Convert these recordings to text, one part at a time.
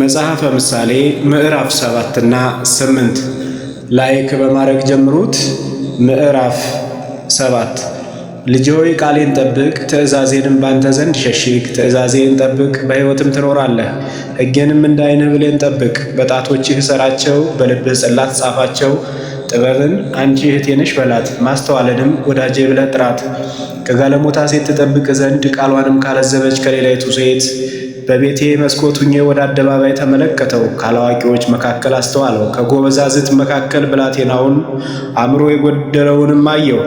መጽሐፈ ምሳሌ ምዕራፍ ሰባትና ስምንት ላይክ በማድረግ ጀምሩት። ምዕራፍ ሰባት ልጅ ሆይ ቃሌን ጠብቅ፣ ትእዛዜንም ባንተ ዘንድ ሸሽግ። ትእዛዜን ጠብቅ፣ በሕይወትም ትኖራለህ። ሕጌንም እንደ ዓይንህ ብሌን ጠብቅ፣ በጣቶችህ ሰራቸው በልብህ ጽላት ጻፋቸው። ጥበብን አንቺ እህቴ በላት፣ ማስተዋልንም ወዳጄ ብለህ ጥራት። ከጋለሞታ ሴት ትጠብቅ ዘንድ ቃሏንም ካለዘበች ከሌላይቱ ሴት በቤቴ መስኮት ሁኜ ወደ አደባባይ ተመለከተው። ካላዋቂዎች መካከል አስተዋለው፣ ከጎበዛዝት መካከል ብላቴናውን፣ አእምሮ የጎደለውንም አየው።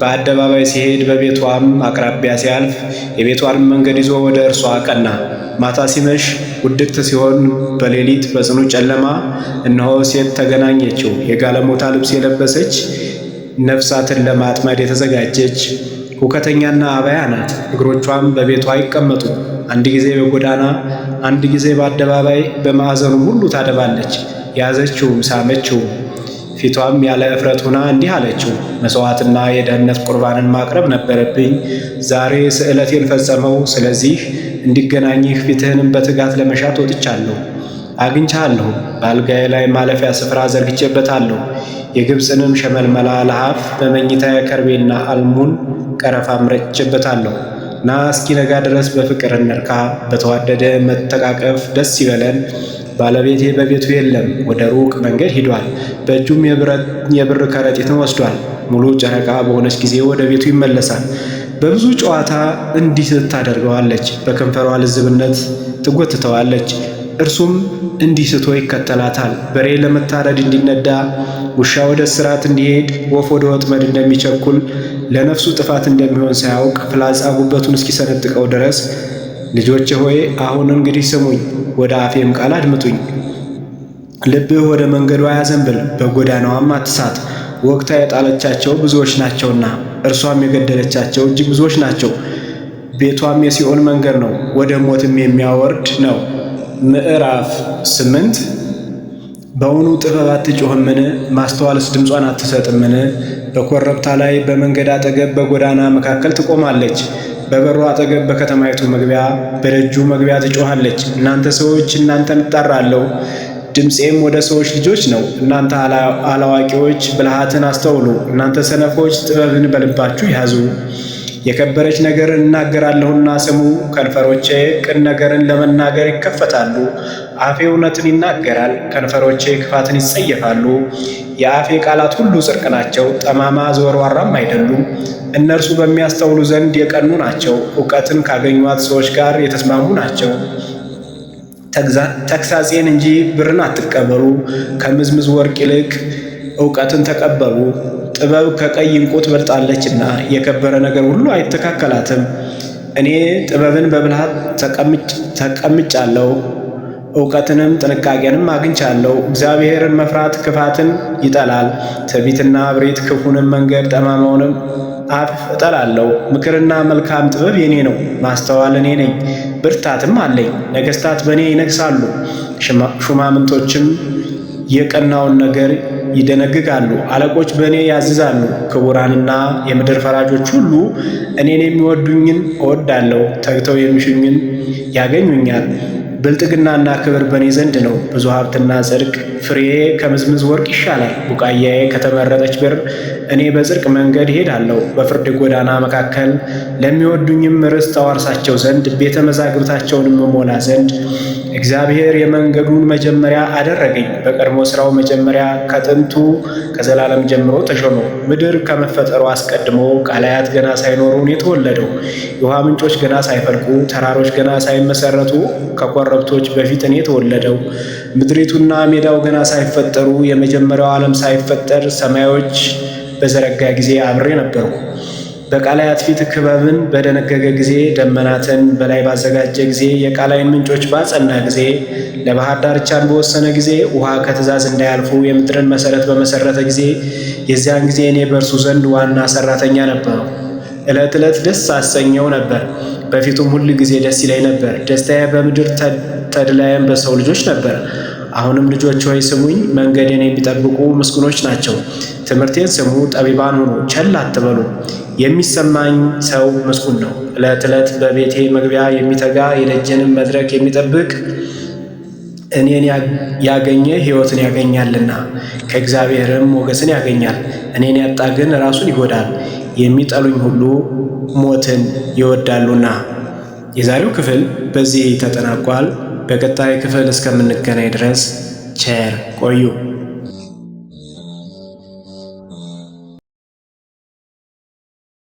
በአደባባይ ሲሄድ በቤቷም አቅራቢያ ሲያልፍ የቤቷን መንገድ ይዞ ወደ እርሷ አቀና። ማታ ሲመሽ ውድቅት ሲሆን በሌሊት በጽኑ ጨለማ እነሆ ሴት ተገናኘችው። የጋለሞታ ልብስ የለበሰች ነፍሳትን ለማጥመድ የተዘጋጀች ሁከተኛና አባያ ናት። እግሮቿም በቤቷ አይቀመጡም። አንድ ጊዜ በጎዳና አንድ ጊዜ በአደባባይ በማዕዘኑ ሁሉ ታደባለች። ያዘችውም ሳመችውም። ፊቷም ያለ እፍረት ሆና እንዲህ አለችው፣ መሥዋዕትና የደህንነት ቁርባንን ማቅረብ ነበረብኝ። ዛሬ ስዕለቴን ፈጸመው። ስለዚህ እንዲገናኝህ ፊትህንም በትጋት ለመሻት ወጥቻለሁ። አግኝቻለሁ። በአልጋዬ ላይ ማለፊያ ስፍራ ዘርግቼበታለሁ። የግብፅንም ሸመልመላ ለሐፍ በመኝታ ከርቤና አልሙን ቀረፋም ረጭቼበታለሁ። ና እስኪነጋ ድረስ በፍቅር እንርካ፣ በተዋደደ መተቃቀፍ ደስ ይበለን። ባለቤቴ በቤቱ የለም፣ ወደ ሩቅ መንገድ ሂዷል። በእጁም የብር ከረጢትን ወስዷል። ሙሉ ጨረቃ በሆነች ጊዜ ወደ ቤቱ ይመለሳል። በብዙ ጨዋታ እንዲህ ታደርገዋለች፣ በከንፈሯ ልዝብነት ትጎትተዋለች። እርሱም እንዲህ ስቶ ይከተላታል። በሬ ለመታረድ እንዲነዳ፣ ውሻ ወደ ስራት እንዲሄድ፣ ወፍ ወደ ወጥመድ እንደሚቸኩል ለነፍሱ ጥፋት እንደሚሆን ሳያውቅ ፍላጻ ጉበቱን እስኪሰነጥቀው ድረስ ልጆች ሆይ አሁን እንግዲህ ስሙኝ፣ ወደ አፌም ቃል አድምጡኝ። ልብህ ወደ መንገዷ ያዘንብል፣ በጎዳናዋም አትሳት። ወቅታ የጣለቻቸው ብዙዎች ናቸውና እርሷም የገደለቻቸው እጅግ ብዙዎች ናቸው። ቤቷም የሲኦል መንገድ ነው፣ ወደ ሞትም የሚያወርድ ነው። ምዕራፍ ስምንት በውኑ ጥበብ አትጮህምን? ማስተዋልስ ድምጿን አትሰጥምን? በኮረብታ ላይ በመንገድ አጠገብ በጎዳና መካከል ትቆማለች። በበሩ አጠገብ በከተማይቱ መግቢያ በደጁ መግቢያ ትጮኋለች። እናንተ ሰዎች እናንተን እጠራለሁ፣ ድምፄም ወደ ሰዎች ልጆች ነው። እናንተ አላዋቂዎች ብልሃትን አስተውሉ፣ እናንተ ሰነፎች ጥበብን በልባችሁ ያዙ። የከበረች ነገር እናገራለሁና ስሙ። ከንፈሮቼ ቅን ነገርን ለመናገር ይከፈታሉ። አፌ እውነትን ይናገራል፣ ከንፈሮቼ ክፋትን ይጸየፋሉ። የአፌ ቃላት ሁሉ ጽድቅ ናቸው፣ ጠማማ ዘወርዋራም አይደሉም። እነርሱ በሚያስተውሉ ዘንድ የቀኑ ናቸው፣ እውቀትን ካገኟት ሰዎች ጋር የተስማሙ ናቸው። ተግሳጼን እንጂ ብርን አትቀበሉ፣ ከምዝምዝ ወርቅ ይልቅ እውቀትን ተቀበሉ። ጥበብ ከቀይ ዕንቁ ትበልጣለችና የከበረ ነገር ሁሉ አይተካከላትም። እኔ ጥበብን በብልሃት ተቀምጫለሁ፣ እውቀትንም ጥንቃቄንም አግኝቻለሁ። እግዚአብሔርን መፍራት ክፋትን ይጠላል፣ ትዕቢትና እብሪት፣ ክፉንም መንገድ ጠማማውንም አፍ እጠላለሁ። ምክርና መልካም ጥበብ የኔ ነው፣ ማስተዋል እኔ ነኝ፣ ብርታትም አለኝ። ነገስታት በእኔ ይነግሳሉ፣ ሹማምንቶችም የቀናውን ነገር ይደነግጋሉ፣ አለቆች በእኔ ያዝዛሉ። ክቡራንና የምድር ፈራጆች ሁሉ እኔን የሚወዱኝን እወዳለሁ፣ ተግተው የሚሹኝን ያገኙኛል። ብልጥግናና ክብር በእኔ ዘንድ ነው፣ ብዙ ሀብትና ጽድቅ። ፍሬዬ ከምዝምዝ ወርቅ ይሻላል፣ ቡቃያዬ ከተመረጠች ብር። እኔ በጽድቅ መንገድ እሄዳለሁ፣ በፍርድ ጎዳና መካከል። ለሚወዱኝም ርስት አወርሳቸው ዘንድ ቤተ መዛግብታቸውንም እሞላ ዘንድ እግዚአብሔር የመንገዱን መጀመሪያ አደረገኝ። በቀድሞ ሥራው መጀመሪያ ከጥንቱ ከዘላለም ጀምሮ ተሾመ። ምድር ከመፈጠሩ አስቀድሞ ቃላያት ገና ሳይኖሩን የተወለደው የውሃ ምንጮች ገና ሳይፈልቁ ተራሮች ገና ሳይመሰረቱ ከኮረብቶች በፊት እኔ የተወለደው ምድሪቱና ሜዳው ገና ሳይፈጠሩ የመጀመሪያው ዓለም ሳይፈጠር ሰማዮች በዘረጋ ጊዜ አብሬ ነበርኩ። በቃላያት ፊት ክበብን በደነገገ ጊዜ፣ ደመናትን በላይ ባዘጋጀ ጊዜ፣ የቃላይን ምንጮች ባጸና ጊዜ፣ ለባህር ዳርቻን በወሰነ ጊዜ፣ ውሃ ከትእዛዝ እንዳያልፉ የምድርን መሰረት በመሰረተ ጊዜ፣ የዚያን ጊዜ እኔ በእርሱ ዘንድ ዋና ሰራተኛ ነበረው። ዕለት ዕለት ደስ አሰኘው ነበር፣ በፊቱም ሁል ጊዜ ደስ ይለኝ ነበር። ደስታዬ በምድር ተድላዬም በሰው ልጆች ነበር። አሁንም ልጆች ሆይ ስሙኝ፣ መንገዴን የሚጠብቁ ምስጉኖች ናቸው። ትምህርቴን ስሙ፣ ጠቢባን ሁኑ፣ ቸል አትበሉ። የሚሰማኝ ሰው ምስጉን ነው። ዕለት ዕለት በቤቴ መግቢያ የሚተጋ የደጀንም መድረክ የሚጠብቅ እኔን ያገኘ ሕይወትን ያገኛልና ከእግዚአብሔርም ሞገስን ያገኛል። እኔን ያጣ ግን ራሱን ይጎዳል። የሚጠሉኝ ሁሉ ሞትን ይወዳሉና። የዛሬው ክፍል በዚህ ተጠናቋል። በቀጣይ ክፍል እስከምንገናኝ ድረስ ቸር ቆዩ።